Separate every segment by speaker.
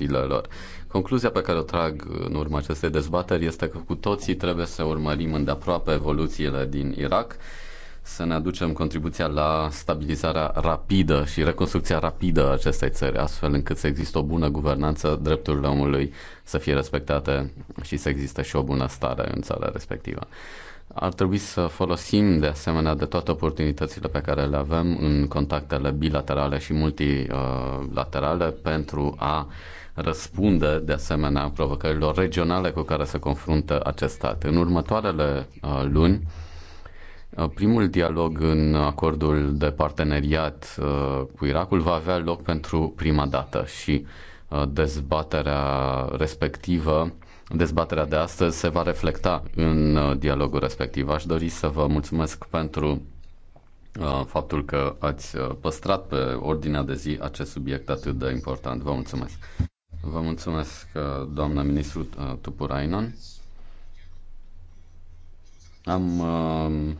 Speaker 1: poveștile lor. Concluzia pe care o trag în urma acestei dezbateri este că cu toții trebuie să urmărim îndeaproape evoluțiile din Irak, să ne aducem contribuția la stabilizarea rapidă și reconstrucția rapidă a acestei țări, astfel încât să există o bună guvernanță, drepturile omului să fie respectate și să existe și o bună stare în țara respectivă. Ar trebui să folosim de asemenea de toate oportunitățile pe care le avem în contactele bilaterale și multilaterale pentru a uh, răspunde de asemenea provocărilor regionale cu care se confruntă acest stat. În următoarele uh, luni, uh, Primul dialog în acordul de parteneriat uh, cu Irakul va avea loc pentru prima dată și dezbaterea respectivă, dezbaterea de astăzi se va reflecta în dialogul respectiv. Aș dori să vă mulțumesc pentru faptul că ați păstrat pe ordinea de zi acest subiect atât de important. Vă mulțumesc! Vă mulțumesc, uh, doamna ministru uh, Tupurainan. Am uh,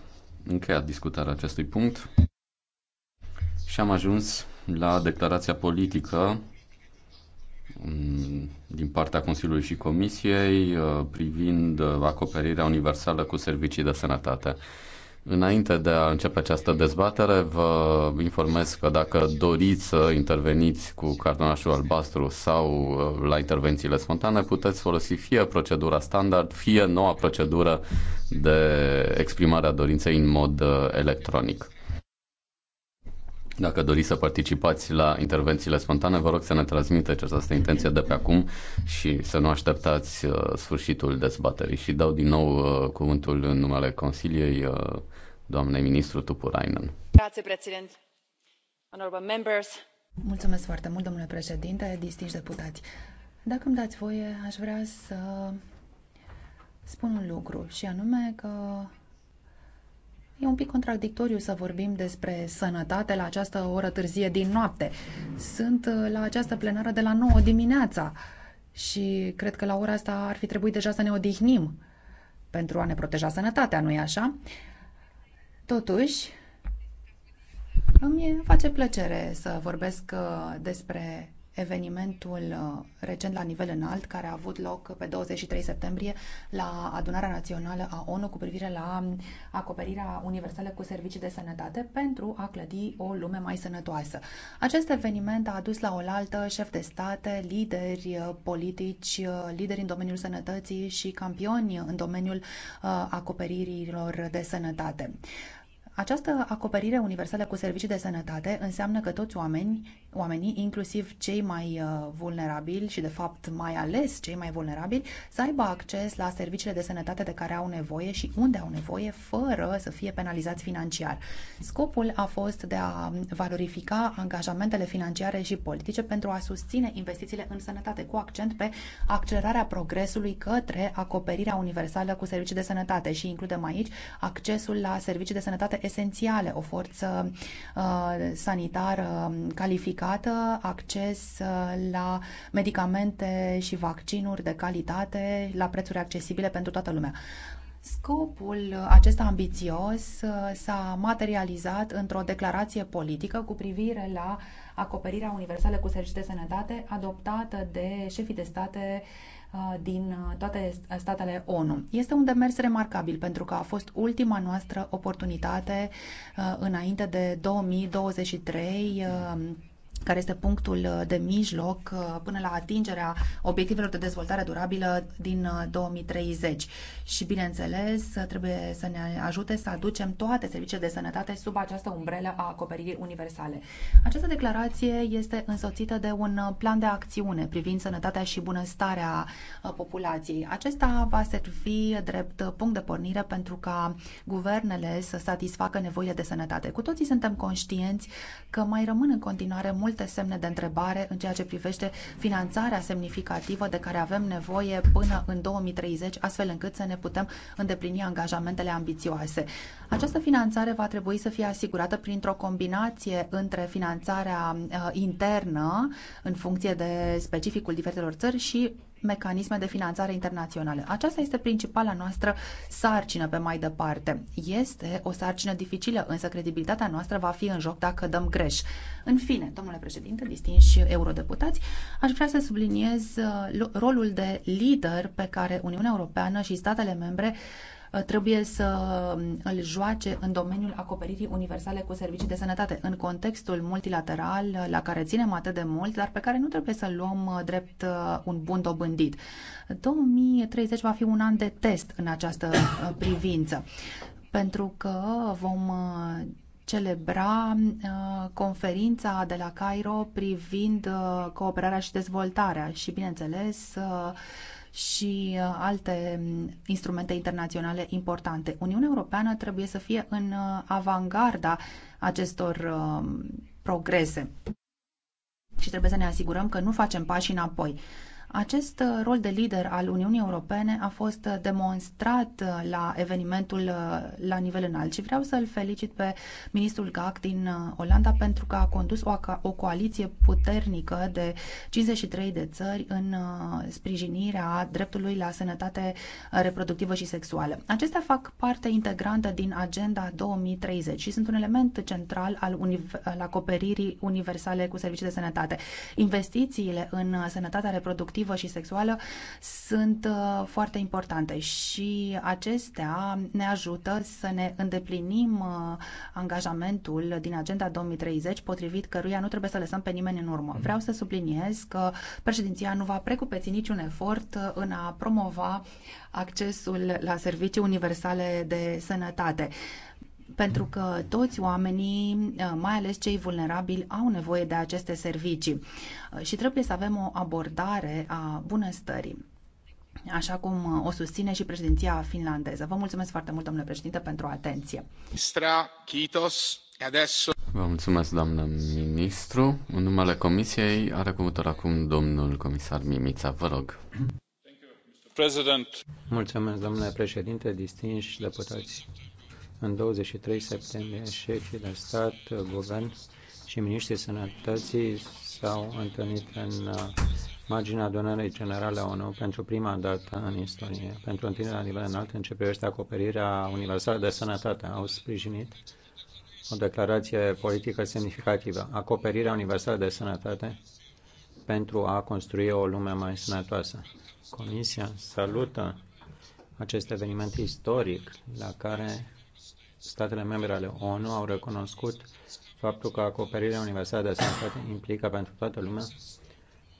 Speaker 1: încheiat discutarea acestui punct și am ajuns la declarația politică um, din partea Consiliului și Comisiei uh, privind acoperirea universală cu servicii de sănătate. Înainte de a începe această dezbatere, vă informez că dacă doriți să interveniți cu cartonașul albastru sau uh, la intervențiile spontane, puteți folosi fie procedura standard, fie noua procedură de exprimare a dorinței în mod uh, electronic. Dacă doriți să participați la intervențiile spontane, vă rog să ne transmiteți această intenție de pe acum și să nu așteptați uh, sfârșitul dezbaterii. Și dau din nou uh, cuvântul în numele Consiliei uh, doamnei ministru Tupurainen. Grazie,
Speaker 2: președinte. Honorable members. Mulțumesc foarte mult, domnule președinte, distinși deputați. Dacă îmi dați voie, aș vrea să spun un lucru și anume că E un pic contradictoriu să vorbim despre sănătate la această oră târzie din noapte. Sunt uh, la această plenară de la 9 dimineața și cred că la ora asta ar fi trebuit deja să ne odihnim pentru a ne proteja sănătatea, nu-i așa? Totuși, îmi face plăcere să vorbesc uh, despre evenimentul uh, recent la nivel înalt care a avut loc pe 23 septembrie la adunarea națională a ONU cu privire la acoperirea universală cu servicii de sănătate pentru a clădi o lume mai sănătoasă. Acest eveniment a adus la oaltă șef de state, lideri uh, politici, uh, lideri în domeniul sănătății și campioni în domeniul acoperirilor de sănătate. Această acoperire universală cu servicii de sănătate înseamnă că toți oamenii, oamenii, inclusiv cei mai uh, vulnerabili și, de fapt, mai ales cei mai vulnerabili, să aibă acces la serviciile de sănătate de care au nevoie și unde au nevoie, fără să fie penalizați financiar. Scopul a fost de a valorifica angajamentele financiare și politice pentru a susține investițiile în sănătate, cu accent pe accelerarea progresului către acoperirea universală cu servicii de sănătate și includem aici accesul la servicii de sănătate esențiale, o forță uh, sanitară calificată, acces uh, la medicamente și vaccinuri de calitate, la prețuri accesibile pentru toată lumea. Scopul acesta ambițios uh, s-a materializat într-o declarație politică cu privire la acoperirea universală cu servicii de sănătate adoptată de șefii de state Uh, din uh, toate statele ONU. Este un demers remarcabil pentru că a fost ultima noastră oportunitate uh, înainte de 2023 care este punctul uh, de mijloc uh, până la atingerea obiectivelor de dezvoltare durabilă din 2030. Uh, și, bineînțeles, trebuie să ne ajute să aducem toate serviciile de sănătate sub această umbrelă a acoperirii universale. Această declarație este însoțită de un plan de acțiune privind sănătatea și bunăstarea populației. Acesta va servi drept punct de pornire pentru ca guvernele să satisfacă nevoile de sănătate. Cu toții suntem conștienți că mai rămân în continuare mult multe semne de întrebare în ceea ce privește finanțarea semnificativă de care avem nevoie până în 2030, astfel încât să ne putem îndeplini angajamentele ambițioase. Această finanțare va trebui să fie asigurată printr-o combinație între finanțarea uh, internă în funcție de specificul diferitelor țări și mecanisme de finanțare internaționale. Aceasta este principala noastră sarcină pe mai departe. Este o sarcină dificilă, însă credibilitatea noastră va fi în joc dacă dăm greș. În fine, domnule președinte, distinși eurodeputați, aș vrea să subliniez uh, rolul de lider pe care Uniunea Europeană și statele membre Uh, trebuie să um, îl joace în domeniul acoperirii universale cu servicii de sănătate, în contextul multilateral uh, la care ținem atât de mult, dar pe care nu trebuie să-l luăm uh, drept un bun dobândit. 2030 va fi un an de test în această privință, pentru că vom celebra conferința de la Cairo privind cooperarea și dezvoltarea și, bineînțeles, și uh, alte mm, instrumente internaționale importante. Uniunea Europeană trebuie să fie în uh, avangarda acestor uh, progrese și trebuie să ne asigurăm că nu facem pași înapoi. Acest uh, rol de lider al Uniunii Europene a fost uh, demonstrat uh, la evenimentul la nivel înalt și vreau să-l felicit pe ministrul GAC din Olanda pentru că a condus o, o coaliție puternică de 53 de țări în sprijinirea dreptului la sănătate reproductivă și sexuală. Acestea fac parte integrantă din Agenda 2030 și sunt un element central al, al acoperirii universale cu servicii de sănătate. Investițiile în sănătatea reproductivă reproductivă și sexuală sunt uh, foarte importante și acestea ne ajută să ne îndeplinim uh, angajamentul din Agenda 2030, potrivit căruia nu trebuie să lăsăm pe nimeni în urmă. Mm-hmm. Vreau să subliniez că președinția nu va precupeți niciun efort uh, în a promova accesul la servicii universale de sănătate pentru că toți oamenii, uh, mai ales cei vulnerabili, au nevoie de aceste servicii uh, și trebuie să avem o abordare a bunăstării așa cum uh, o susține și președinția finlandeză. Vă mulțumesc foarte mult, domnule președinte, pentru atenție.
Speaker 1: Vă mulțumesc, doamnă ministru. În numele comisiei are cuvântul acum domnul comisar Mimița. Vă rog.
Speaker 3: Mulțumesc, domnule președinte, distinși deputați în 23 septembrie, șefii de stat, guvern și miniștrii sănătății s-au întâlnit în uh, marginea adunării generale a ONU pentru prima dată în istorie, pentru întâlnirea la nivel înalt în ce privește acoperirea universală de sănătate. Au sprijinit o declarație politică semnificativă, acoperirea universală de sănătate pentru a construi o lume mai sănătoasă. Comisia salută acest eveniment istoric la care statele membre ale ONU au recunoscut faptul că acoperirea universală de sănătate implică pentru toată lumea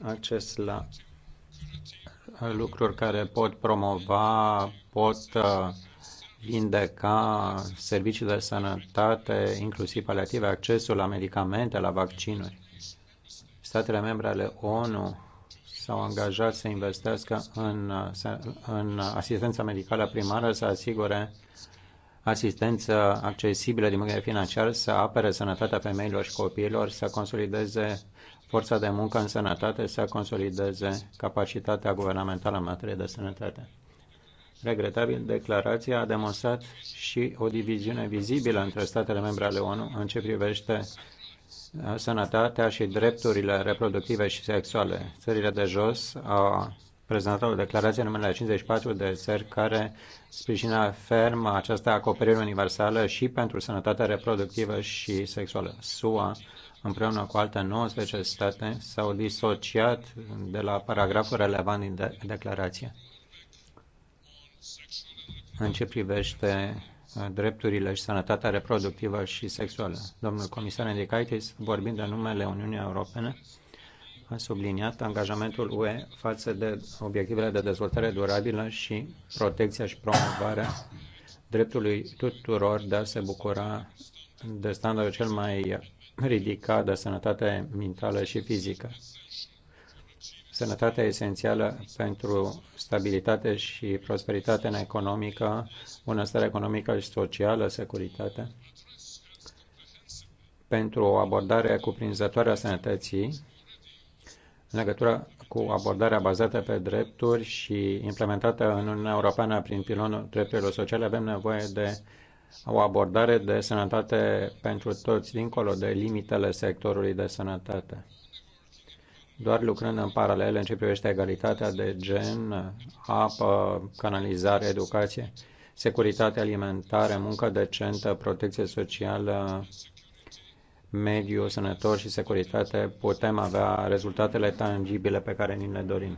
Speaker 3: acces la lucruri care pot promova, pot uh, vindeca servicii de sănătate, inclusiv paliative, accesul la medicamente, la vaccinuri. Statele membre ale ONU s-au angajat să investească în, uh, în asistența medicală primară, să asigure asistență accesibilă din punct de vedere financiar, să apere sănătatea femeilor și copiilor, să consolideze forța de muncă în sănătate, să consolideze capacitatea guvernamentală în materie de sănătate. Regretabil, declarația a demonstrat și o diviziune vizibilă între statele membre ale ONU în ce privește uh, sănătatea și drepturile reproductive și sexuale. Țările de jos au prezentat o declarație în numele 54 de țări care sprijină ferm această acoperire universală și pentru sănătatea reproductivă și sexuală. SUA, împreună cu alte 19 state, s-au disociat de la paragraful relevant din de- declarație. În ce privește uh, drepturile și sănătatea reproductivă și sexuală. Domnul comisar Indicaitis, vorbind de numele Uniunii Europene, a subliniat angajamentul UE față de obiectivele de dezvoltare durabilă și protecția și promovarea dreptului tuturor de a se bucura de standardul cel mai ridicat de sănătate mentală și fizică. Sănătatea esențială pentru stabilitate și prosperitate în economică, bunăstare economică și socială, securitate, pentru o abordare cuprinzătoare a sănătății, în legătură cu abordarea bazată pe drepturi și implementată în Uniunea Europeană prin pilonul drepturilor sociale, avem nevoie de o abordare de sănătate pentru toți, dincolo de limitele sectorului de sănătate. Doar lucrând în paralel în ce privește egalitatea de gen, apă, canalizare, educație, securitate alimentară, muncă decentă, protecție socială, mediu sănător și securitate, putem avea rezultatele tangibile pe care ni le dorim.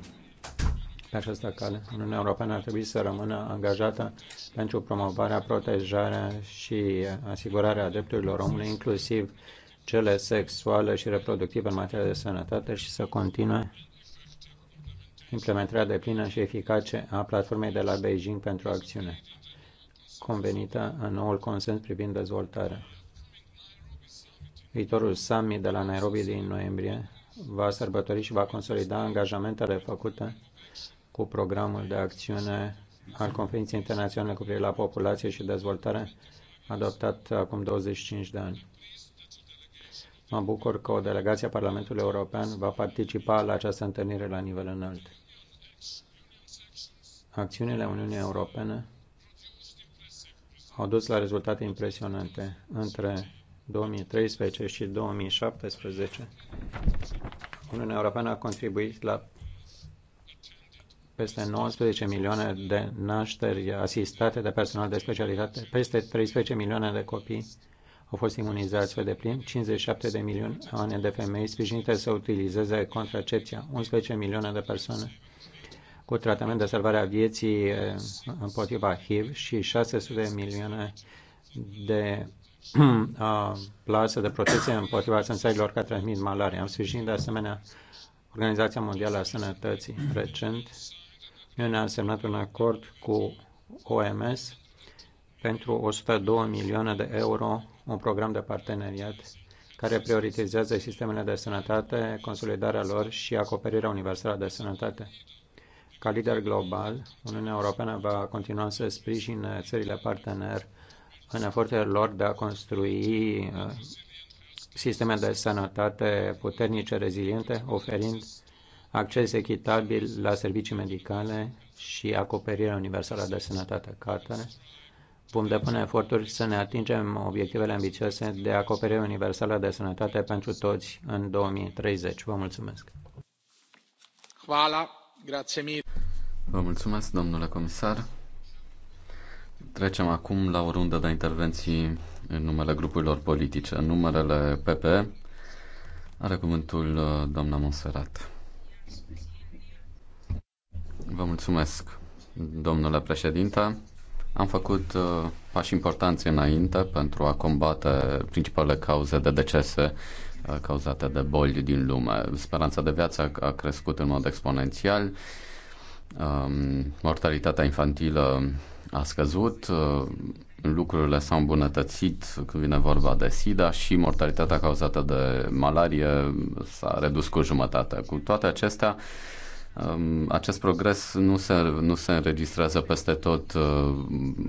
Speaker 3: Pe această cale, Uniunea Europeană ar trebui să rămână angajată pentru promovarea, protejarea și asigurarea drepturilor omului, inclusiv cele sexuale și reproductive în materie de sănătate și să continue implementarea de plină și eficace a platformei de la Beijing pentru acțiune, convenită în noul consens privind dezvoltarea. Viitorul summit de la Nairobi din noiembrie va sărbători și va consolida angajamentele făcute cu programul de acțiune al Conferinței Internaționale cu privire la populație și dezvoltare adoptat acum 25 de ani. Mă bucur că o delegație a Parlamentului European va participa la această întâlnire la nivel înalt. Acțiunile Uniunii Europene au dus la rezultate impresionante între 2013 și 2017, Uniunea Europeană a contribuit la peste 19 milioane de nașteri asistate de personal de specialitate, peste 13 milioane de copii au fost imunizați pe deplin, 57 de milioane de femei sprijinite să utilizeze contracepția, 11 milioane de persoane cu tratament de salvare a vieții eh, împotriva HIV și 600 de milioane de plase de protecție împotriva sănțărilor care transmit malaria. Am sprijinit de asemenea Organizația Mondială a Sănătății. Recent, Uniunea a semnat un acord cu OMS pentru 102 milioane de euro, un program de parteneriat care prioritizează sistemele de sănătate, consolidarea lor și acoperirea universală de sănătate. Ca lider global, Uniunea Europeană va continua să sprijine țările partener în eforturile lor de a construi uh, sisteme de sănătate puternice, reziliente, oferind acces echitabil la servicii medicale și acoperirea universală de sănătate. Ca vom depune eforturi să ne atingem obiectivele ambițioase de acoperire universală de sănătate pentru toți în 2030. Vă mulțumesc!
Speaker 1: Vă mulțumesc, domnule comisar! Trecem acum la o rundă de intervenții în numele grupurilor politice. În numele PP are cuvântul uh, doamna Monserrat. Vă mulțumesc, domnule președinte. Am făcut uh, pași importanți înainte pentru a combate principalele cauze de decese uh, cauzate de boli din lume. Speranța de viață a crescut în mod exponențial. Um, mortalitatea infantilă a scăzut, uh, lucrurile s-au îmbunătățit când vine vorba de SIDA și mortalitatea cauzată de malarie s-a redus cu jumătate. Cu toate acestea, uh, Um, acest progres nu se, nu se înregistrează peste tot uh,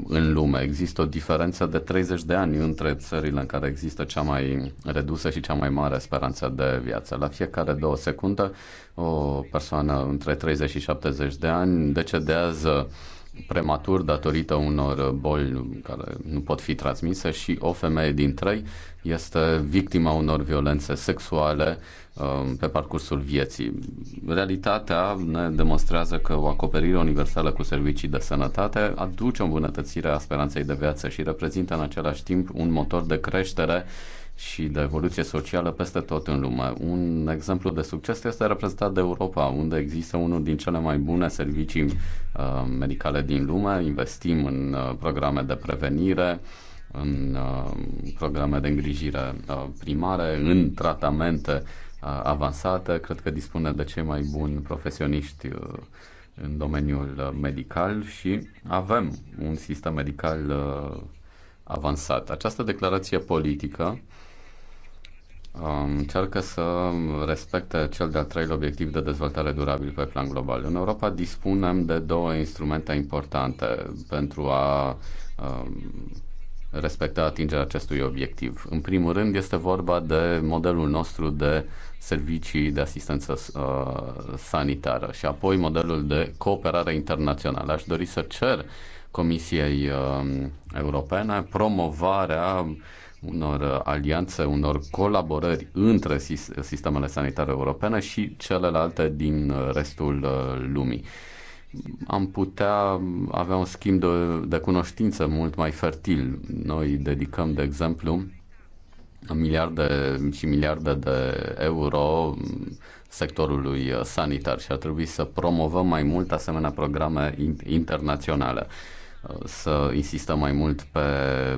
Speaker 1: în lume. Există o diferență de 30 de ani între țările în care există cea mai redusă și cea mai mare speranță de viață. La fiecare două secunde, o persoană între 30 și 70 de ani decedează prematur datorită unor boli care nu pot fi transmise și o femeie din trei este victima unor violențe sexuale um, pe parcursul vieții. Realitatea ne demonstrează că o acoperire universală cu servicii de sănătate aduce o îmbunătățire a speranței de viață și reprezintă în același timp un motor de creștere și de evoluție socială peste tot în lume. Un exemplu de succes este reprezentat de Europa, unde există unul din cele mai bune servicii uh, medicale din lume. Investim în uh, programe de prevenire, în uh, programe de îngrijire uh, primare, în tratamente uh, avansate. Cred că dispune de cei mai buni profesioniști uh, în domeniul uh, medical și avem un sistem medical uh, avansat. Această declarație politică um, încearcă să respecte cel de-al treilea obiectiv de dezvoltare durabil pe plan global. În Europa dispunem de două instrumente importante pentru a um, respecta atingerea acestui obiectiv. În primul rând este vorba de modelul nostru de servicii de asistență uh, sanitară și apoi modelul de cooperare internațională. Aș dori să cer Comisiei um, Europene, promovarea unor alianțe, unor colaborări între sistemele sanitare europene și celelalte din restul uh, lumii. Am putea avea un schimb de, de cunoștință mult mai fertil. Noi dedicăm, de exemplu, miliarde și miliarde de euro sectorului uh, sanitar și ar trebui să promovăm mai mult asemenea programe internaționale să insistăm mai mult pe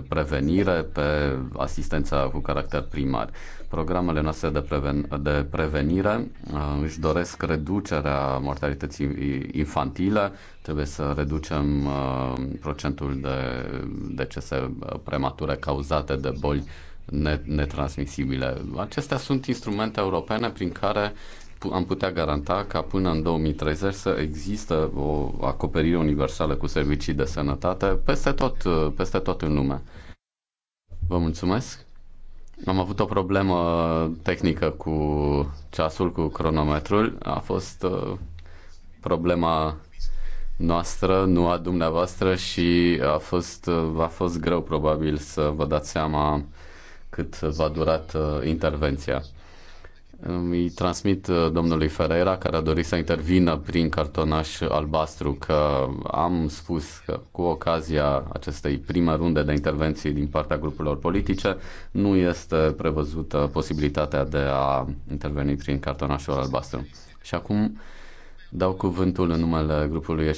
Speaker 1: prevenire, pe asistența cu caracter primar. Programele noastre de, preven- de prevenire uh, își doresc reducerea mortalității infantile, trebuie să reducem uh, procentul de decese uh, premature cauzate de boli netransmisibile. Acestea sunt instrumente europene prin care am putea garanta ca până în 2030 să există o acoperire universală cu servicii de sănătate peste tot, peste tot în lume. Vă mulțumesc! Am avut o problemă tehnică cu ceasul, cu cronometrul. A fost uh, problema noastră, nu a dumneavoastră și a fost, uh, a fost greu probabil să vă dați seama cât v-a durat uh, intervenția. Îi transmit uh, domnului Ferreira, care a dorit să intervină prin cartonaș albastru, că am spus că cu ocazia acestei prime runde de intervenții din partea grupurilor politice nu este prevăzută posibilitatea de a interveni prin cartonașul albastru. Și acum dau cuvântul în numele grupului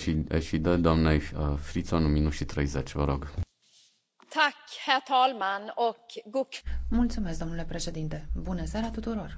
Speaker 1: de doamnei uh, Frițon, un și 30, vă rog.
Speaker 2: Mulțumesc, domnule președinte. Bună seara tuturor!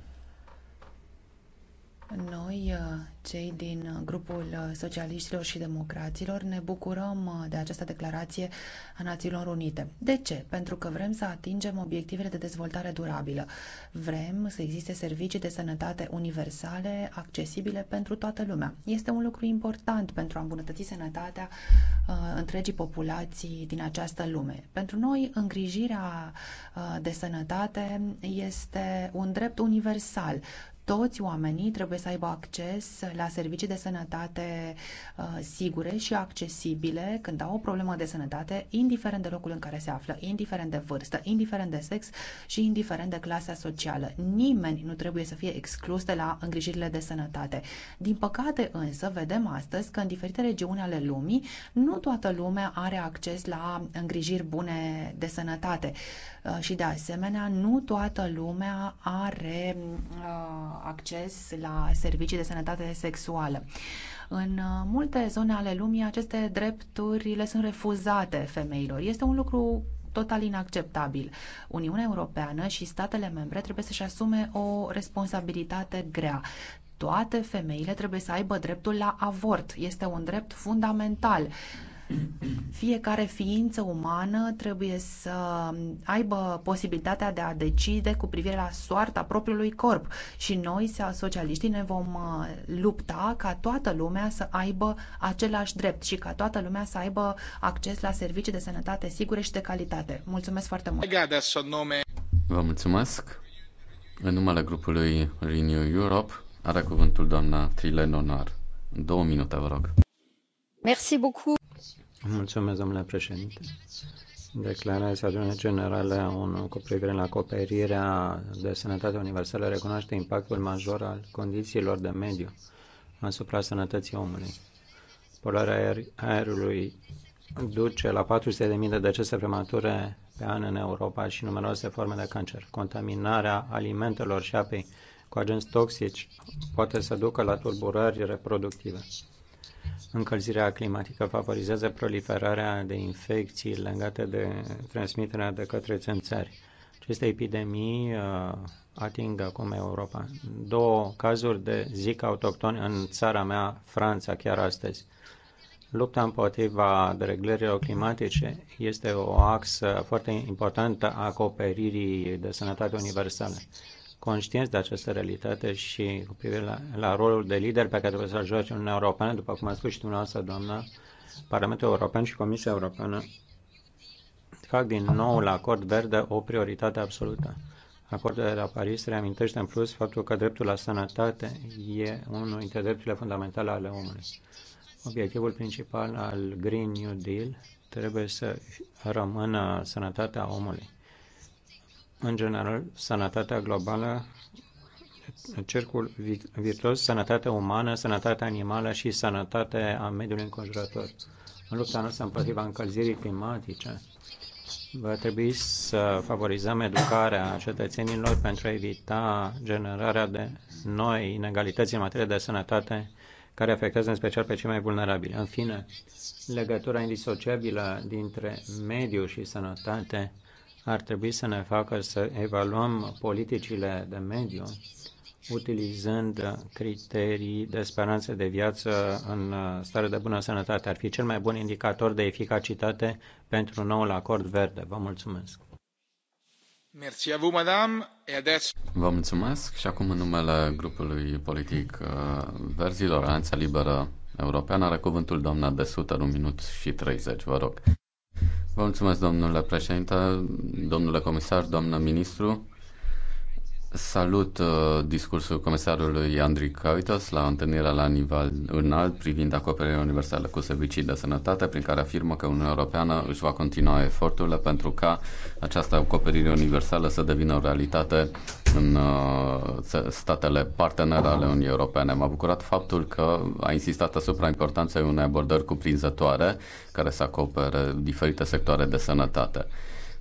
Speaker 2: Noi, uh, cei din uh, grupul uh, socialiștilor și democraților, ne bucurăm de această declarație a Națiunilor Unite. De ce? Pentru că vrem să atingem obiectivele de dezvoltare durabilă. Vrem să existe servicii de sănătate universale, accesibile pentru toată lumea. Este un lucru important pentru a îmbunătăți sănătatea întregii populații din această lume. Pentru noi, îngrijirea de sănătate este un drept universal toți oamenii trebuie să aibă acces la servicii de sănătate uh, sigure și accesibile când au o problemă de sănătate, indiferent de locul în care se află, indiferent de vârstă, indiferent de sex și indiferent de clasa socială. Nimeni nu trebuie să fie exclus de la îngrijirile de sănătate. Din păcate însă, vedem astăzi că în diferite regiuni ale lumii, nu toată lumea are acces la îngrijiri bune de sănătate uh, și de asemenea nu toată lumea are uh, acces la servicii de sănătate sexuală. În uh, multe zone ale lumii aceste drepturi le sunt refuzate femeilor. Este un lucru total inacceptabil. Uniunea Europeană și statele membre trebuie să-și asume o responsabilitate grea toate femeile trebuie să aibă dreptul la avort. Este un drept fundamental. Fiecare ființă umană trebuie să aibă posibilitatea de a decide cu privire la soarta propriului corp și noi, socialiștii, ne vom uh, lupta ca toată lumea să aibă același drept și ca toată lumea să aibă acces la servicii de sănătate sigure și de calitate. Mulțumesc foarte mult!
Speaker 1: Vă mulțumesc! În numele grupului Renew Europe are cuvântul doamna Trilen Onar. Două minute, vă rog.
Speaker 4: Merci beaucoup.
Speaker 1: Mulțumesc, domnule
Speaker 3: președinte. Declarația Adunării Generale a ONU cu privire la acoperirea de sănătate universală recunoaște impactul major al condițiilor de mediu asupra sănătății omului. Polarea aer aerului duce la 400.000 de decese premature pe an în Europa și numeroase forme de cancer. Contaminarea alimentelor și apei cu agenți toxici poate să ducă la tulburări reproductive încălzirea climatică favorizează proliferarea de infecții legate de transmiterea de către țânțari. Aceste epidemii uh, ating acum Europa. Două cazuri de zic autoctoni în țara mea, Franța, chiar astăzi. Lupta împotriva dereglărilor climatice este o axă foarte importantă a acoperirii de sănătate universală conștienți de această realitate și cu privire la, la rolul de lider pe care trebuie să-l joace Uniunea Europeană, după cum a spus și dumneavoastră, doamna, Parlamentul European și Comisia Europeană fac din la acord verde o prioritate absolută. Acordul de la Paris reamintește în plus faptul că dreptul la sănătate e unul dintre drepturile fundamentale ale omului. Obiectivul principal al Green New Deal trebuie să rămână sănătatea omului. În general, sănătatea globală, cercul virtuos, sănătatea umană, sănătatea animală și sănătatea a mediului înconjurător. În lupta noastră împotriva încălzirii climatice, va trebui să favorizăm educarea cetățenilor pentru a evita generarea de noi inegalități în materie de sănătate care afectează în special pe cei mai vulnerabili. În fine, legătura indisociabilă dintre mediu și sănătate ar trebui să ne facă să evaluăm politicile de mediu utilizând criterii de speranță de viață în stare de bună sănătate. Ar fi cel mai bun indicator de eficacitate pentru noul acord verde. Vă mulțumesc.
Speaker 5: Merci vous, madame.
Speaker 1: adesso... Vă mulțumesc și acum în numele grupului politic uh, Verzilor, Alianța Liberă Europeană, are cuvântul doamna de 100, un minut și 30, vă rog. Vă mulțumesc, domnule președinte, domnule comisar, doamnă ministru. Salut uh, discursul comisarului Andrei Cavitas la întâlnirea la nivel înalt privind acoperirea universală cu servicii de sănătate, prin care afirmă că Uniunea Europeană își va continua eforturile pentru ca această acoperire universală să devină o realitate în uh, statele partenere ale Uniunii Europene. M-a bucurat faptul că a insistat asupra importanței unei abordări cuprinzătoare care să acopere diferite sectoare de sănătate.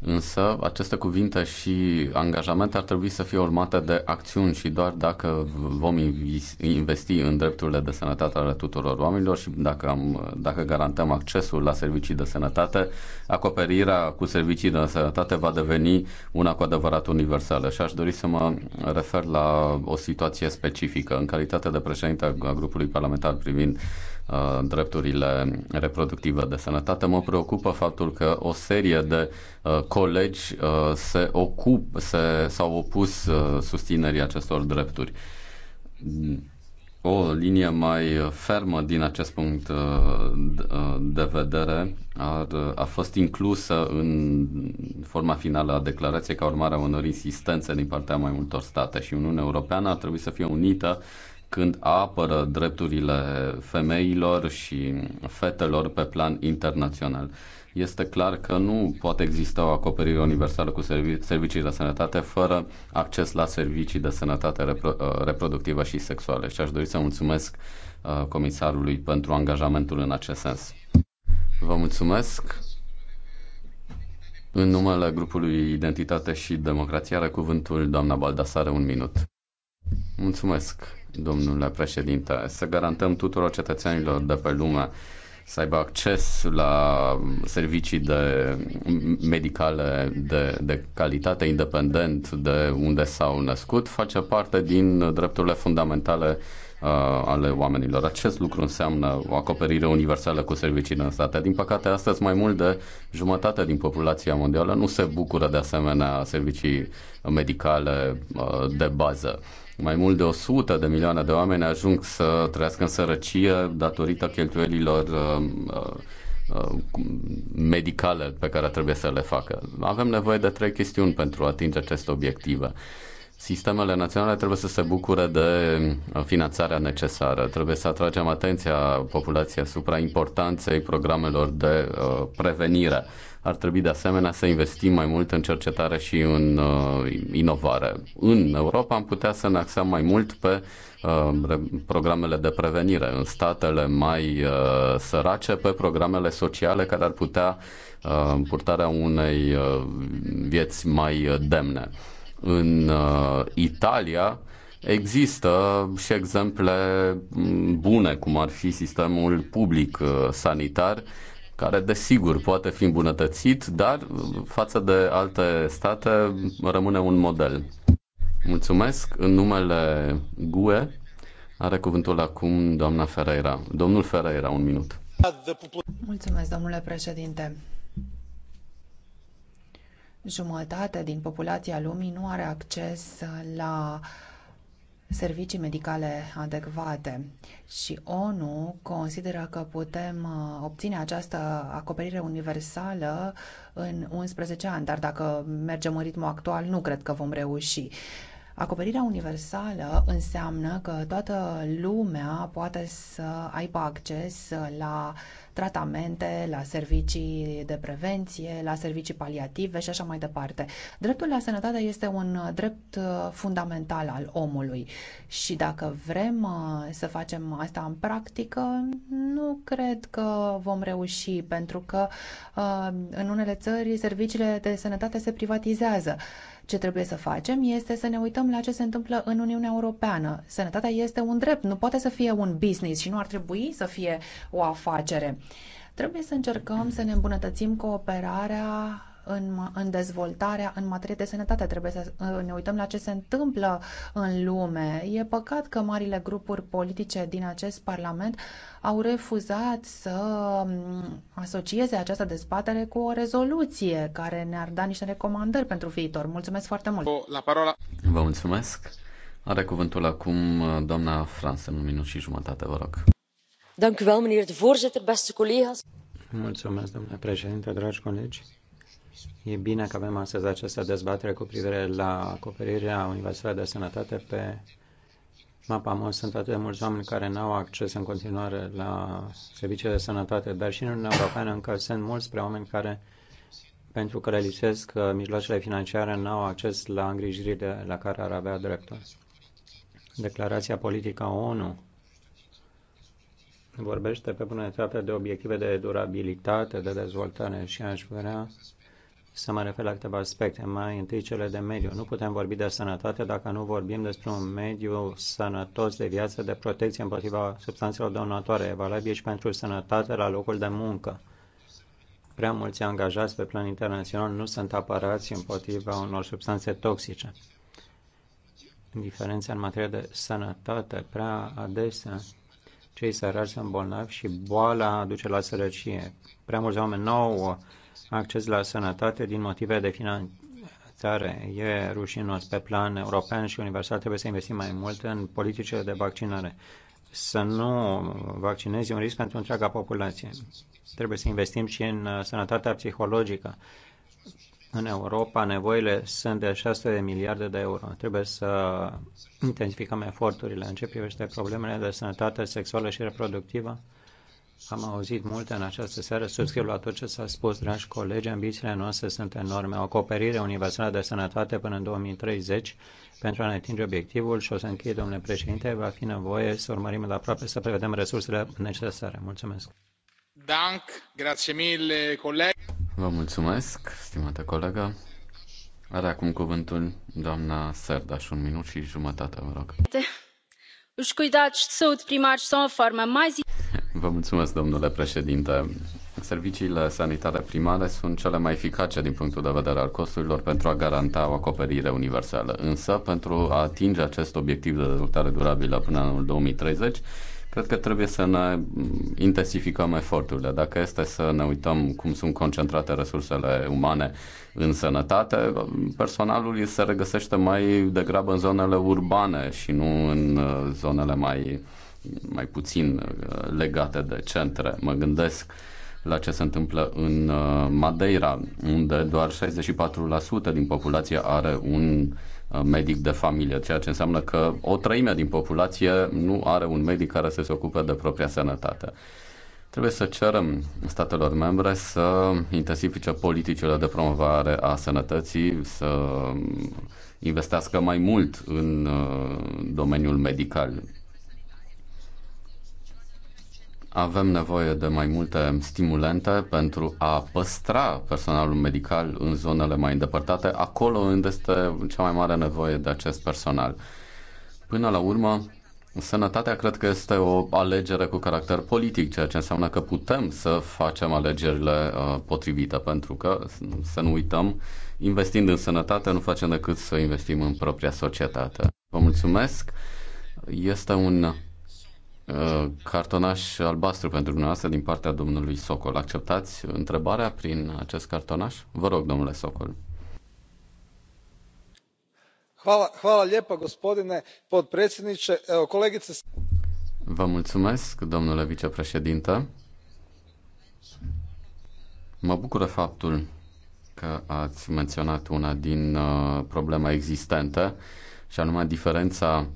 Speaker 1: Însă, aceste cuvinte și angajamente ar trebui să fie urmate de acțiuni și doar dacă vom investi în drepturile de sănătate ale tuturor oamenilor și dacă, am, dacă garantăm accesul la servicii de sănătate, acoperirea cu servicii de sănătate va deveni una cu adevărat universală. Și aș dori să mă refer la o situație specifică. În calitate de președinte a grupului parlamentar privind uh, drepturile reproductive de sănătate, mă preocupă faptul că o serie de uh, colegi uh, se ocup, se, s-au opus uh, susținerii acestor drepturi. O linie mai fermă din acest punct uh, de vedere ar, a fost inclusă în forma finală a declarației ca urmare a unor insistențe din partea mai multor state și Uniunea Europeană ar trebui să fie unită când apără drepturile femeilor și fetelor pe plan internațional este clar că nu poate exista o acoperire universală cu servi- servicii de sănătate fără acces la servicii de sănătate repro- uh, reproductivă și sexuală. Și aș dori să mulțumesc uh, comisarului pentru angajamentul în acest sens. Vă mulțumesc. În numele grupului Identitate și Democrație are cuvântul doamna Baldasare un minut. Mulțumesc, domnule președinte. Să garantăm tuturor cetățenilor de pe lume să aibă acces la servicii de medicale de, de calitate independent de unde s-au născut, face parte din drepturile fundamentale uh, ale oamenilor. Acest lucru înseamnă o acoperire universală cu servicii în state. Din păcate, astăzi mai mult de jumătate din populația mondială nu se bucură de asemenea servicii medicale uh, de bază. Mai mult de 100 de milioane de oameni ajung să trăiască în sărăcie datorită cheltuielilor uh, uh, medicale pe care trebuie să le facă. Avem nevoie de trei chestiuni pentru a atinge aceste obiective Sistemele naționale trebuie să se bucure de finanțarea necesară. Trebuie să atragem atenția populației asupra importanței programelor de uh, prevenire. Ar trebui de asemenea să investim mai mult în cercetare și în uh, inovare. În Europa am putea să ne axăm mai mult pe uh, programele de prevenire, în statele mai uh, sărace, pe programele sociale care ar putea uh, purtarea unei uh, vieți mai demne. În uh, Italia există și exemple mm, bune, cum ar fi sistemul public uh, sanitar, care desigur poate fi îmbunătățit, dar uh, față de alte state rămâne un model. Mulțumesc. În numele GUE are cuvântul acum doamna Ferreira. Domnul Ferreira, un minut.
Speaker 2: Mulțumesc, domnule președinte. Jumătate din populația lumii nu are acces la servicii medicale adecvate și ONU consideră că putem uh, obține această acoperire universală în 11 ani, dar dacă mergem în ritmul actual, nu cred că vom reuși. Acoperirea universală înseamnă că toată lumea poate să aibă acces la uh, tratamente, la servicii de prevenție, la servicii paliative și așa mai departe. Dreptul la sănătate este un drept uh, fundamental al omului și dacă vrem uh, să facem asta în practică, nu cred că vom reuși, pentru că uh, în unele țări serviciile de sănătate se privatizează ce trebuie să facem este să ne uităm la ce se întâmplă în Uniunea Europeană. Sănătatea este un drept, nu poate să fie un business și nu ar trebui să fie o afacere. Trebuie să încercăm să ne îmbunătățim cooperarea în, în dezvoltarea în materie de sănătate. Trebuie să uh, ne uităm la ce se întâmplă în lume. E păcat că marile grupuri politice din acest Parlament au refuzat să um, asocieze această dezbatere cu o rezoluție care ne-ar da niște recomandări pentru viitor. Mulțumesc foarte mult!
Speaker 1: La parola. Vă mulțumesc! Are cuvântul acum uh, doamna Franță, un minut și jumătate, vă rog. Mulțumesc, domnule președinte,
Speaker 3: dragi colegi. E bine că avem astăzi această dezbatere cu privire la acoperirea universală de sănătate pe mapa MOS. Sunt atât de mulți oameni care nu au acces în continuare la serviciile de sănătate, dar și în Uniunea Europeană încă sunt mulți spre oameni care, pentru că le lipsesc uh, mijloacele financiare, nu au acces la îngrijirile la care ar avea dreptul. Declarația politică a ONU vorbește pe bună de obiective de durabilitate, de dezvoltare și aș vrea să mă refer la câteva aspecte. Mai întâi cele de mediu. Nu putem vorbi de sănătate dacă nu vorbim despre un mediu sănătos de viață, de protecție împotriva substanțelor dăunătoare, e valabil și pentru sănătate la locul de muncă. Prea mulți angajați pe plan internațional nu sunt apărați împotriva unor substanțe toxice. Diferența în materie de sănătate, prea adesea cei săraci sunt bolnavi și boala duce la sărăcie. Prea mulți oameni nouă acces la sănătate din motive de finanțare. E rușinos pe plan european și universal. Trebuie să investim mai mult în politicile de vaccinare. Să nu vaccinezi un risc pentru întreaga populație. Trebuie să investim și în uh, sănătatea psihologică. În Europa nevoile sunt de 600 de miliarde de euro. Trebuie să intensificăm eforturile în ce privește problemele de sănătate sexuală și reproductivă am auzit multe în această seară, subscriu la tot ce s-a spus, dragi colegi, ambițiile noastre sunt enorme. O acoperire universală de sănătate până în 2030 pentru a ne atinge obiectivul și o să închei, domnule președinte, va fi nevoie să urmărim de aproape să prevedem
Speaker 1: resursele necesare. Mulțumesc!
Speaker 5: Dank, grazie mille, coleg.
Speaker 1: Vă mulțumesc, stimată colegă. Are acum cuvântul doamna Serdaș, un minut și jumătate, vă rog domnule președinte. Serviciile sanitare primare sunt cele mai eficace din punctul de vedere al costurilor pentru a garanta o acoperire universală. Însă, pentru a atinge acest obiectiv de dezvoltare durabilă până în anul 2030, Cred că trebuie să ne intensificăm eforturile. Dacă este să ne uităm cum sunt concentrate resursele umane în sănătate, personalul se regăsește mai degrabă în zonele urbane și nu în uh, zonele mai, mai puțin uh, legate de centre. Mă gândesc la ce se întâmplă în uh, Madeira, unde doar 64% din populație are un Uh, medic de familie, ceea ce înseamnă că o treime din populație nu are un medic care să se ocupe de propria sănătate. Trebuie să cerem statelor membre să intensifice politicile de promovare a sănătății, să investească mai mult în uh, domeniul medical. Avem nevoie de mai multe stimulente pentru a păstra personalul medical în zonele mai îndepărtate, acolo unde este cea mai mare nevoie de acest personal. Până la urmă, Sănătatea cred că este o alegere cu caracter politic, ceea ce înseamnă că putem să facem alegerile uh, potrivite, pentru că, să nu uităm, investind în sănătate nu facem decât să investim în propria societate. Vă mulțumesc! Este un Uh, cartonaș albastru pentru dumneavoastră din partea domnului Socol. Acceptați întrebarea prin acest cartonaș? Vă rog, domnule Socol.
Speaker 5: Hvala, hvala lijepa, gospodine podpredsjedniče. Evo, kolegice...
Speaker 1: Vă mulțumesc, domnule vicepreședinte. Mă bucură faptul că ați menționat una din uh, problema existentă, și anume diferența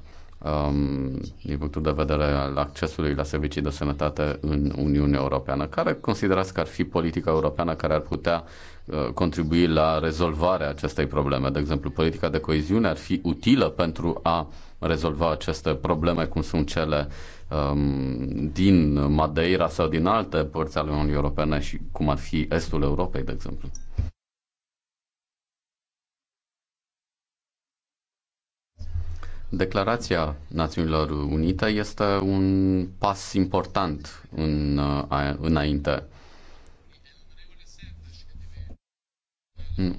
Speaker 1: um, din punctul de vedere al accesului la servicii de sănătate în Uniunea Europeană. Care considerați că ar fi politica europeană care ar putea uh, contribui la rezolvarea acestei probleme? De exemplu, politica de coeziune ar fi utilă pentru a rezolva aceste probleme cum sunt cele um, din Madeira sau din alte părți ale Uniunii Europene și cum ar fi estul Europei, de exemplu? Declarația Națiunilor Unite este un pas important în, înainte.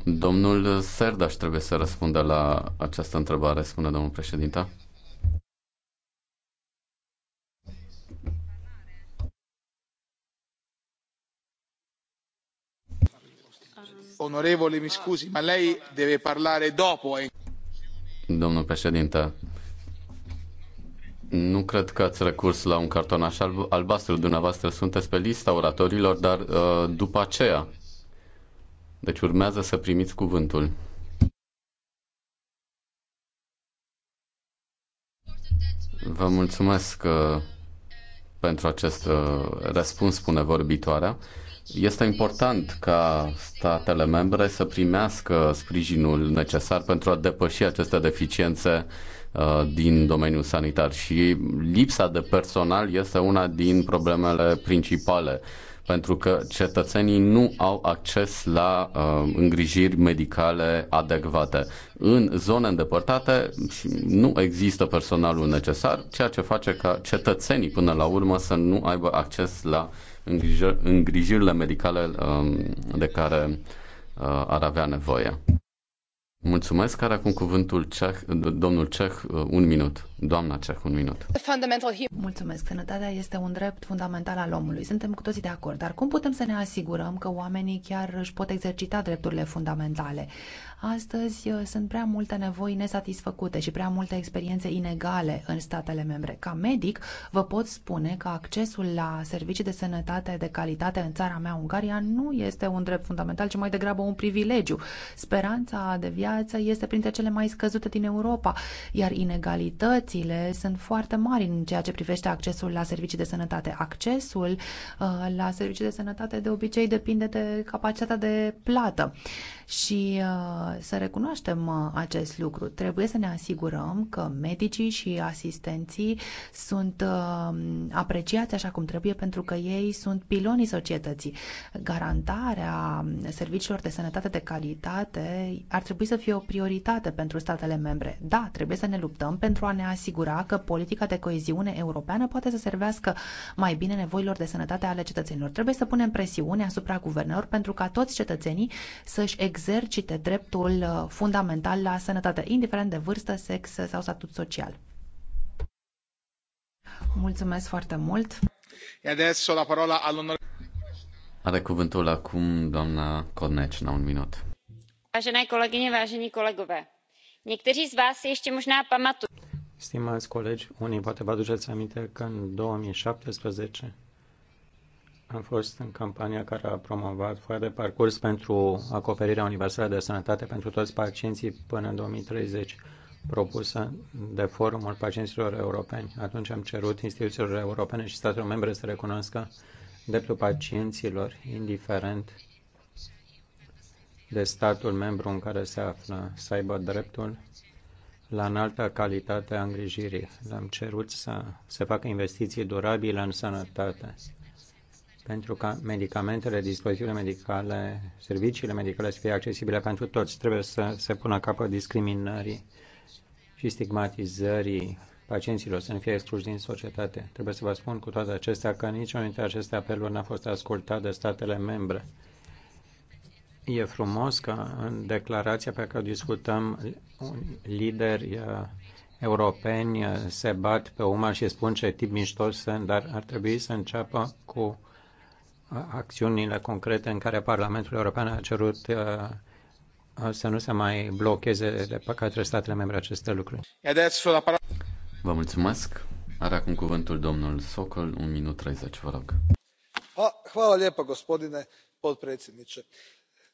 Speaker 1: Domnul Serdaș trebuie să răspundă la această întrebare, spune domnul președinte.
Speaker 5: Onorevole, mi scuzi, ma lei deve parlare dopo. Eh
Speaker 1: domnul președinte. Nu cred că ați recurs la un cartonaș alb- albastru. Dumneavoastră sunteți pe lista oratorilor, dar uh, după aceea. Deci urmează să primiți cuvântul. Vă mulțumesc uh, pentru acest uh, răspuns, spune vorbitoarea. Uh, este important ca statele membre să primească sprijinul necesar pentru a depăși aceste deficiențe uh, din domeniul sanitar și lipsa de personal este una din problemele principale pentru că cetățenii nu au acces la uh, îngrijiri medicale adecvate. În zone îndepărtate nu există personalul necesar, ceea ce face ca cetățenii până la urmă să nu aibă acces la îngrijirile medicale um, de care uh, ar avea nevoie. Mulțumesc, care acum cuvântul Ceh, domnul Ceh, uh, un minut. Doamna Ceh, un minut.
Speaker 2: Mulțumesc. Sănătatea este un drept fundamental al omului. Suntem cu toții de acord. Dar cum putem să ne asigurăm că oamenii chiar își pot exercita drepturile fundamentale? Astăzi uh, sunt prea multe nevoi nesatisfăcute și prea multe experiențe inegale în statele membre. Ca medic, vă pot spune că accesul la servicii de sănătate de calitate în țara mea, Ungaria, nu este un drept fundamental, ci mai degrabă un privilegiu. Speranța de viață este printre cele mai scăzute din Europa, iar inegalitățile sunt foarte mari în ceea ce privește accesul la servicii de sănătate. Accesul uh, la servicii de sănătate de obicei depinde de capacitatea de plată și uh, să recunoaștem uh, acest lucru. Trebuie să ne asigurăm că medicii și asistenții sunt uh, apreciați așa cum trebuie pentru că ei sunt pilonii societății. Garantarea serviciilor de sănătate de calitate ar trebui să fie o prioritate pentru statele membre. Da, trebuie să ne luptăm pentru a ne asigura că politica de coeziune europeană poate să servească mai bine nevoilor de sănătate ale cetățenilor. Trebuie să punem presiune asupra guvernelor pentru ca toți cetățenii să-și exercite dreptul uh, fundamental la sănătate, indiferent de vârstă, sex sau statut social. Mulțumesc foarte mult.
Speaker 1: Are cuvântul acum doamna la un minut. Vážené kolegyně, vážení kolegové, někteří z vás si ještě možná pamatují.
Speaker 3: Stimați colegi, unii poate vă aduceți aminte că în 2017 am fost în campania care a promovat foaia de parcurs pentru acoperirea universală de sănătate pentru toți pacienții până în 2030, propusă de Forumul Pacienților Europeni. Atunci am cerut instituțiilor europene și statelor membre să recunoască dreptul pacienților, indiferent de statul membru în care se află, să aibă dreptul la înaltă calitate a îngrijirii. Le-am cerut să se facă investiții durabile în sănătate pentru ca medicamentele, dispozitivele medicale, serviciile medicale să fie accesibile pentru toți. Trebuie să se pună capăt discriminării și stigmatizării pacienților, să nu fie excluși din societate. Trebuie să vă spun cu toate acestea că niciunul dintre aceste apeluri n-a fost ascultat de statele membre. E frumos că în declarația pe care o discutăm, lideri uh, europeni uh, se bat pe umăr și spun ce tip mișto sunt, dar ar trebui să înceapă cu acțiunile concrete în care Parlamentul European a cerut uh, să nu se mai blocheze de către statele membre aceste
Speaker 1: lucruri. Vă mulțumesc. Are acum cuvântul domnul Sokol, un minut 30, vă rog.
Speaker 5: Hvala lijepa gospodine podpredsjedniče.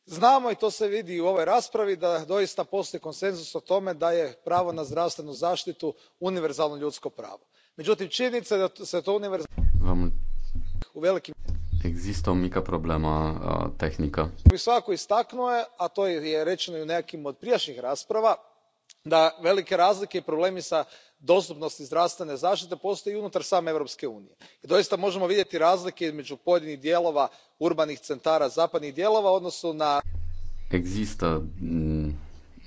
Speaker 5: Znamo i to se vidi u ovoj raspravi da doista postoji konsenzus o tome da je pravo na zdravstvenu zaštitu univerzalno ljudsko pravo. Međutim, činjenica je da se to univerzalno Vam... u velikim
Speaker 1: Există o mică problemă uh, tehnică.
Speaker 5: Visoko istaknuo a to je rečeno i u nekim od prijašnjih rasprava, da velike razlike i problemi sa dostupnosti zdravstvene zaštite postoje i unutar same europske unije i doista možemo vidjeti razlike između pojedinih dijelova urbanih centara zapadnih dijelova u odnosu
Speaker 1: na. Există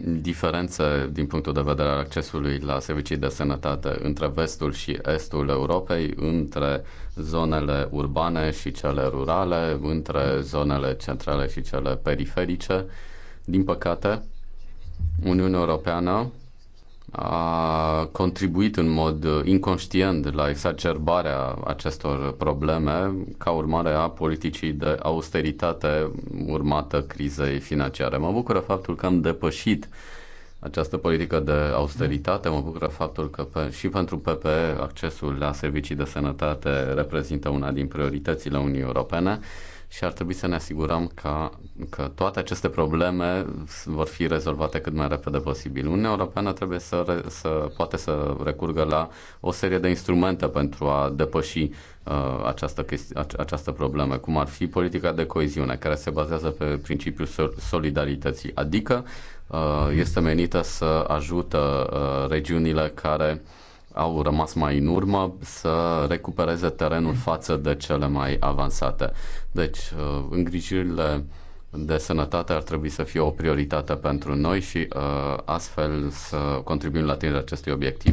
Speaker 1: diferențe din punctul de vedere al accesului la servicii de sănătate între vestul și estul Europei, între zonele urbane și cele rurale, între zonele centrale și cele periferice. Din păcate, Uniunea Europeană a contribuit în mod inconștient la exacerbarea acestor probleme ca urmare a politicii de austeritate urmată crizei financiare. Mă bucură faptul că am depășit această politică de austeritate, mă bucură faptul că pe, și pentru PPE accesul la servicii de sănătate reprezintă una din prioritățile Uniunii Europene și ar trebui să ne asigurăm că, că toate aceste probleme vor fi rezolvate cât mai repede posibil. Uniunea Europeană trebuie să, re, să poate să recurgă la o serie de instrumente pentru a depăși uh, această, chesti- această problemă, cum ar fi politica de coeziune, care se bazează pe principiul solidarității, adică uh, este menită să ajută uh, regiunile care uh, au rămas mai în urmă să recupereze terenul față de cele mai avansate. Deci, uh, îngrijirile de sănătate ar trebui să fie o prioritate pentru noi și uh, astfel să contribuim la atingerea acestui obiectiv.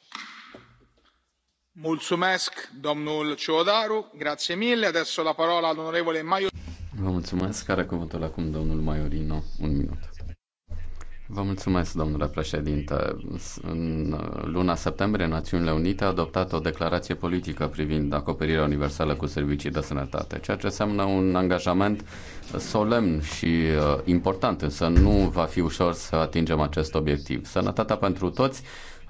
Speaker 5: Mulțumesc, domnul la parola al domnul
Speaker 1: Maiorino? Un minut. mulțumesc, domnule președinte. În luna septembrie, Națiunile Unite a adoptat o declarație politică privind acoperirea universală cu servicii de sănătate, ceea ce înseamnă un angajament solemn și uh, important, însă nu va fi ușor să atingem acest obiectiv. Sănătatea pentru toți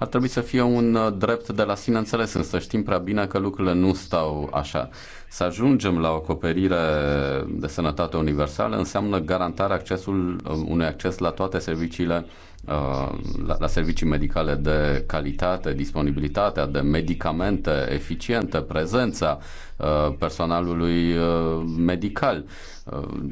Speaker 1: ar trebui să fie un uh, drept de la sine înțeles, însă știm prea bine că lucrurile nu stau așa. Să ajungem la o acoperire de sănătate universală înseamnă garantarea accesul, uh, unui acces la toate serviciile uh, la, la servicii medicale de calitate, disponibilitatea de medicamente eficiente, prezența personalului medical,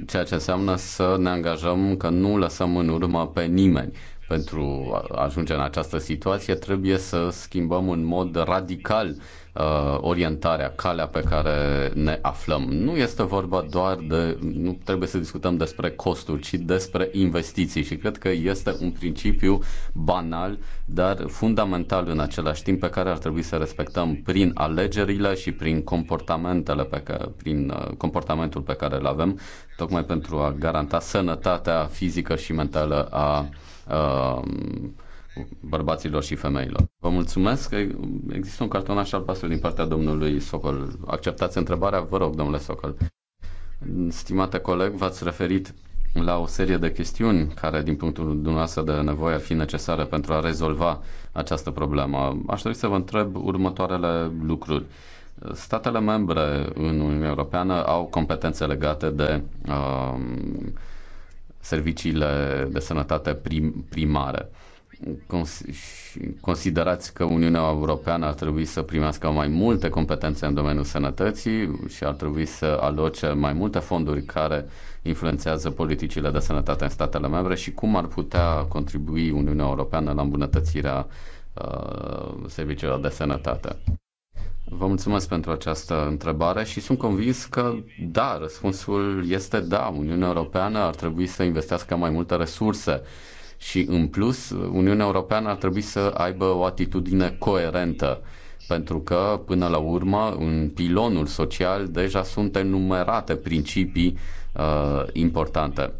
Speaker 1: ceea ce înseamnă să ne angajăm că nu lăsăm în urmă pe nimeni pentru a ajunge în această situație, trebuie să schimbăm în mod radical uh, orientarea, calea pe care ne aflăm. Nu este vorba doar de, nu trebuie să discutăm despre costuri, ci despre investiții și cred că este un principiu banal, dar fundamental în același timp pe care ar trebui să respectăm prin alegerile și prin comportamentele pe care, prin uh, comportamentul pe care îl avem, tocmai pentru a garanta sănătatea fizică și mentală a Um, bărbaților și femeilor. Vă mulțumesc. că Există un cartonaș pasului din partea domnului Socol. Acceptați întrebarea? Vă rog, domnule Socol. Stimate coleg, v-ați referit la o serie de chestiuni care, din punctul dumneavoastră de nevoie, ar fi necesare pentru a rezolva această problemă. Aș dori să vă întreb următoarele lucruri. Statele membre în Uniunea Europeană au competențe legate de uh, serviciile de sănătate prim, primare. Considerați că Uniunea Europeană ar trebui să primească mai multe competențe în domeniul sănătății și ar trebui să aloce mai multe fonduri care influențează politicile de sănătate în statele membre și cum ar putea contribui Uniunea Europeană la îmbunătățirea uh, serviciilor de sănătate? Vă mulțumesc pentru această întrebare și sunt convins că da, răspunsul este da. Uniunea Europeană ar trebui să investească mai multe resurse și în plus Uniunea Europeană ar trebui să aibă o atitudine coerentă pentru că până la urmă în pilonul social deja sunt enumerate principii uh, importante.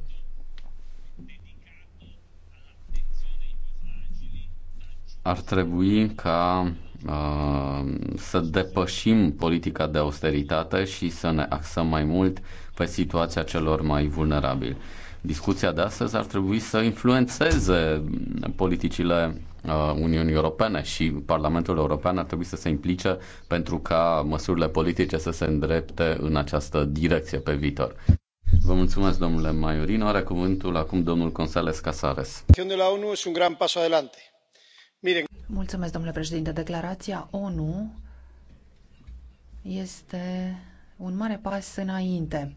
Speaker 1: Ar trebui ca Uh, să depășim politica de austeritate și să ne axăm mai mult pe situația celor mai vulnerabili. Discuția de astăzi ar trebui să influențeze politicile uh, Uniunii Europene și Parlamentul European ar trebui să se implice pentru ca măsurile politice să se îndrepte în această direcție pe viitor. Vă mulțumesc, domnule Maiorino. Are cuvântul acum domnul Consales Casares. La ONU este un gran pas adelante
Speaker 2: Mulțumesc, domnule președinte. Declarația ONU este un mare pas înainte.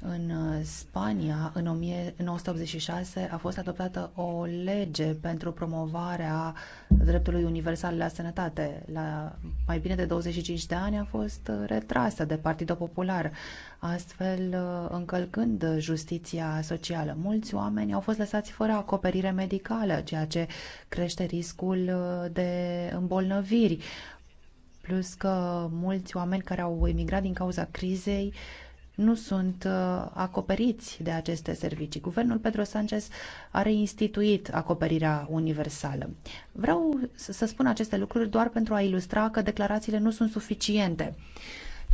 Speaker 2: În Spania, în 1986, a fost adoptată o lege pentru promovarea dreptului universal la sănătate. La mai bine de 25 de ani a fost retrasă de Partidul Popular astfel uh, încălcând justiția socială. Mulți oameni au fost lăsați fără acoperire medicală, ceea ce crește riscul uh, de îmbolnăviri. Plus că mulți oameni care au emigrat din cauza crizei nu sunt uh, acoperiți de aceste servicii. Guvernul Pedro Sanchez a reinstituit acoperirea universală. Vreau să spun aceste lucruri doar pentru a ilustra că declarațiile nu sunt suficiente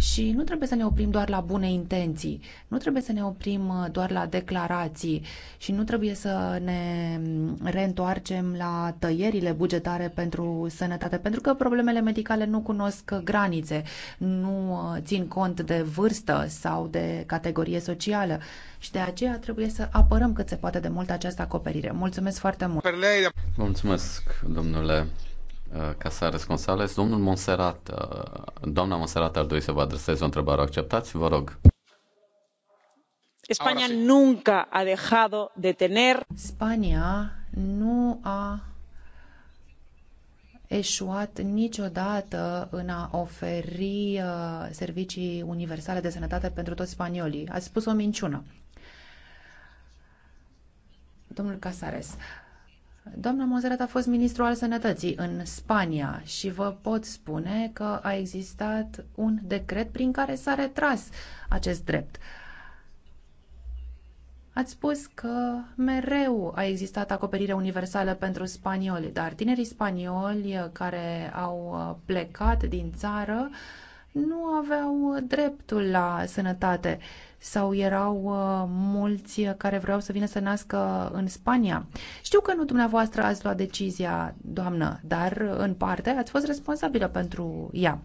Speaker 2: și nu trebuie să ne oprim doar la bune intenții, nu trebuie să ne oprim uh, doar la declarații și nu trebuie să ne mm, reîntoarcem la tăierile bugetare pentru sănătate, pentru că problemele medicale nu cunosc granițe, nu uh, țin cont de vârstă sau de categorie socială și de aceea trebuie să apărăm cât se poate de mult această acoperire. Mulțumesc foarte mult!
Speaker 1: Mulțumesc, domnule Uh, Casares González. Domnul Monserrat, uh, doamna Monserrat ar dori să vă adreseze o întrebare. O acceptați? Vă rog.
Speaker 2: España sí. nunca ha dejado de tener. Spania nu a eșuat niciodată în a oferi uh, servicii universale de sănătate pentru toți spaniolii. Ați spus o minciună. Domnul Casares, Doamna Monserrat a fost ministru al sănătății în Spania și vă pot spune că a existat un decret prin care s-a retras acest drept. Ați spus că mereu a existat acoperire universală pentru spanioli, dar tinerii spanioli care au plecat din țară uh, nu aveau uh, dreptul la sănătate sau erau uh, mulți care vreau să vină să nască în Spania. Știu că nu dumneavoastră ați luat decizia, doamnă, dar uh, în parte ați fost responsabilă pentru ea.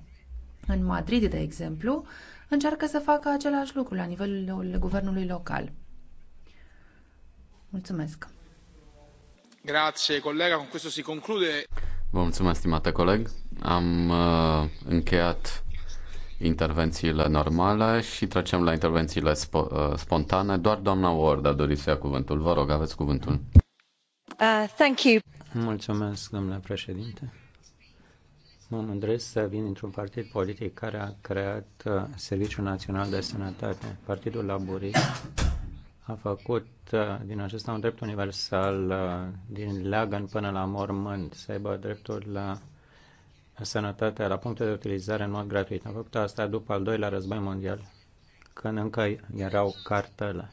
Speaker 2: În Madrid, de exemplu, încearcă să facă același lucru la nivelul guvernului local. Mulțumesc.
Speaker 5: Grazie, colega. Con questo si conclude.
Speaker 1: Vă mulțumesc, stimată coleg. Am uh, încheiat intervențiile normale și trecem la intervențiile sp- uh, spontane. Doar doamna Ward a dorit să ia cuvântul. Vă rog, aveți cuvântul.
Speaker 5: Uh, thank you.
Speaker 3: Mulțumesc, domnule președinte. Mă mândresc să vin într un partid politic care a creat uh, Serviciul Național de Sănătate. Partidul Laburist a făcut uh, din acesta un drept universal, din leagăn până la mormânt, să aibă dreptul la sănătatea la puncte de utilizare în mod gratuit. Am făcut asta după al doilea război mondial, când încă erau cartele.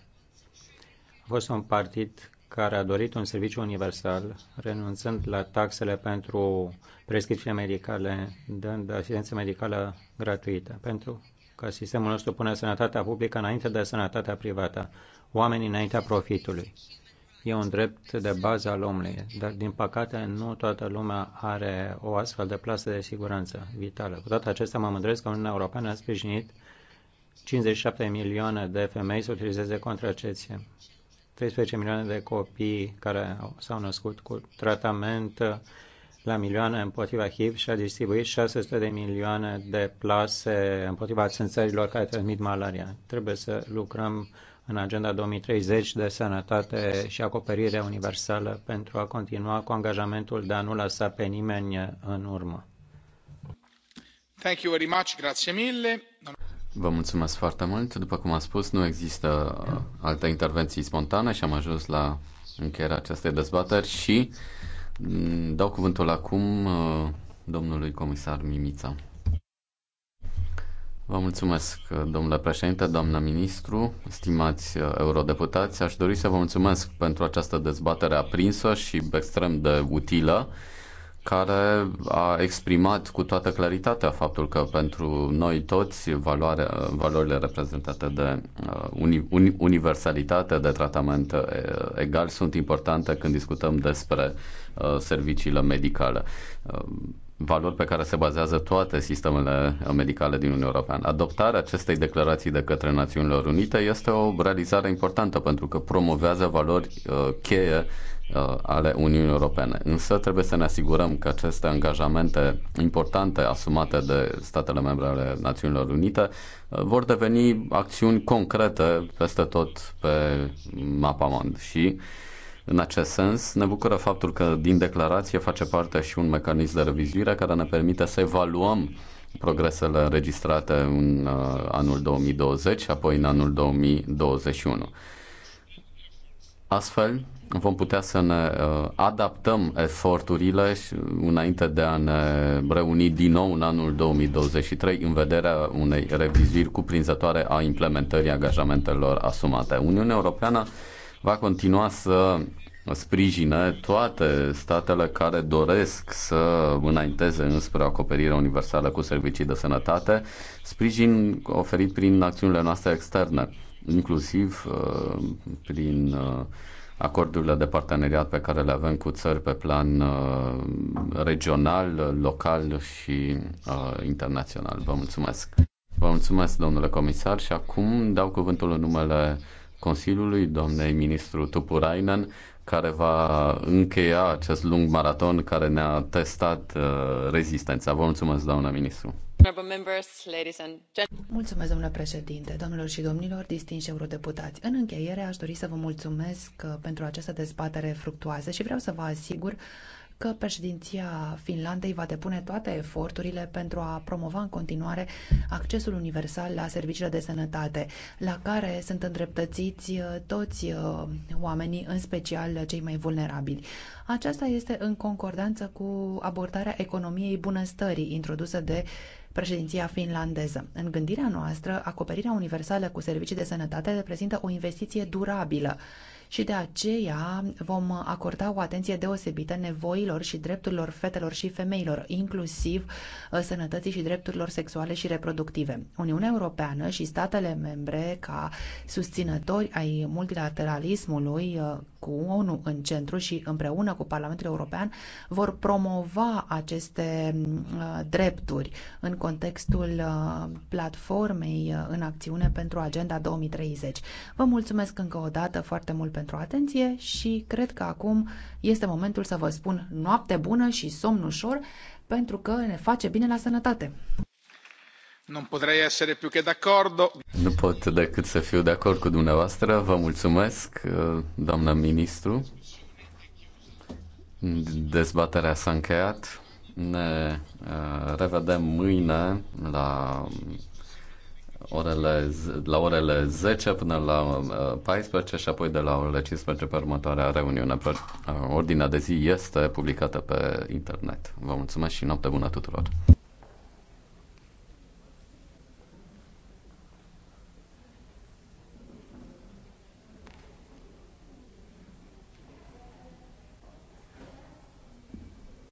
Speaker 3: A fost un partid care a dorit un serviciu universal, renunțând la taxele pentru prescripțiile medicale, dând asistență medicală gratuită, pentru că sistemul nostru pune sănătatea publică înainte de sănătatea privată, oamenii înaintea profitului e un drept de bază al omului, dar din păcate nu toată lumea are o astfel de plasă de siguranță vitală. Cu toate acestea mă mândresc că Uniunea Europeană a sprijinit 57 milioane de femei să utilizeze contracepție. 13 milioane de copii care s-au născut cu tratament la milioane împotriva HIV și a distribuit 600 de milioane de plase împotriva țânțărilor care transmit malaria. Trebuie să lucrăm uh, în Agenda 2030 de sănătate și acoperire universală pentru a continua cu angajamentul de a nu lăsa pe nimeni
Speaker 1: în urmă.
Speaker 5: Thank you very much, grazie mille.
Speaker 1: Vă mulțumesc foarte mult. După cum am spus, nu există uh, alte intervenții spontane și am ajuns la încheierea acestei dezbateri și mm, dau cuvântul acum uh, domnului comisar Mimița. Vă mulțumesc, domnule președinte, doamnă ministru, stimați uh, eurodeputați. Aș dori să vă mulțumesc pentru această dezbatere aprinsă și extrem de utilă, care a exprimat cu toată claritatea faptul că pentru noi toți valoare, valorile reprezentate de uh, uni, uni, universalitate, de tratament uh, egal, sunt importante când discutăm despre serviciile medicale valori pe care se bazează toate sistemele medicale din Uniunea Europeană. Adoptarea acestei declarații de către Națiunile Unite este o realizare importantă pentru că promovează valori uh, cheie uh, ale Uniunii Europene. Însă trebuie să ne asigurăm că aceste angajamente importante asumate de statele membre ale Națiunilor Unite uh, vor deveni acțiuni concrete peste tot pe mapa mond și uh, în acest sens, ne bucură faptul că din declarație face parte și un mecanism de revizuire care ne permite să evaluăm progresele înregistrate în uh, anul 2020 și apoi în anul 2021. Astfel, vom putea să ne uh, adaptăm eforturile și, înainte de a ne reuni din nou în anul 2023 în vederea unei reviziri cuprinzătoare a implementării angajamentelor asumate. Uniunea Europeană uh, va continua să sprijine toate statele care doresc să înainteze înspre acoperirea universală cu servicii de sănătate, sprijin oferit prin acțiunile noastre externe, inclusiv uh, prin uh, acordurile de parteneriat pe care le avem cu țări pe plan uh, regional, local și uh, internațional. Vă mulțumesc! Vă mulțumesc, domnule comisar, și acum dau cuvântul în numele Consiliului, domnei ministru Tupurainen, care va încheia acest lung maraton care ne-a testat uh, rezistența. Vă mulțumesc, doamna ministru.
Speaker 2: Mulțumesc, domnule președinte, domnilor și domnilor, distinși eurodeputați. În încheiere, aș dori să vă mulțumesc uh, pentru această dezbatere fructuoasă și vreau să vă asigur că președinția Finlandei va depune toate eforturile pentru a promova în continuare accesul universal la serviciile de sănătate, la care sunt îndreptățiți uh, toți uh, oamenii, în special cei mai vulnerabili. Aceasta este în concordanță cu abordarea economiei bunăstării introdusă de președinția finlandeză. În gândirea noastră, acoperirea universală cu servicii de sănătate reprezintă o investiție durabilă și de aceea vom acorda o atenție deosebită nevoilor și drepturilor fetelor și femeilor, inclusiv uh, sănătății și drepturilor sexuale și reproductive. Uniunea Europeană și statele membre ca susținători ai multilateralismului uh, cu ONU în centru și împreună cu Parlamentul European vor promova aceste uh, drepturi în contextul uh, platformei uh, în acțiune pentru Agenda 2030. Vă mulțumesc încă o dată foarte mult pentru atenție și cred că acum este momentul să vă spun noapte bună și somn ușor pentru că ne face bine la sănătate
Speaker 5: potrei essere più che d'accordo.
Speaker 1: Nu pot decât să fiu de acord cu dumneavoastră. Vă mulțumesc, doamna ministru. Dezbaterea s-a încheiat. Ne uh, revedem mâine la orele, la orele 10 până la 14 uh, și apoi de la orele 15 pe următoarea reuniune. Uh, ordinea de zi este publicată pe internet. Vă mulțumesc și noapte bună tuturor!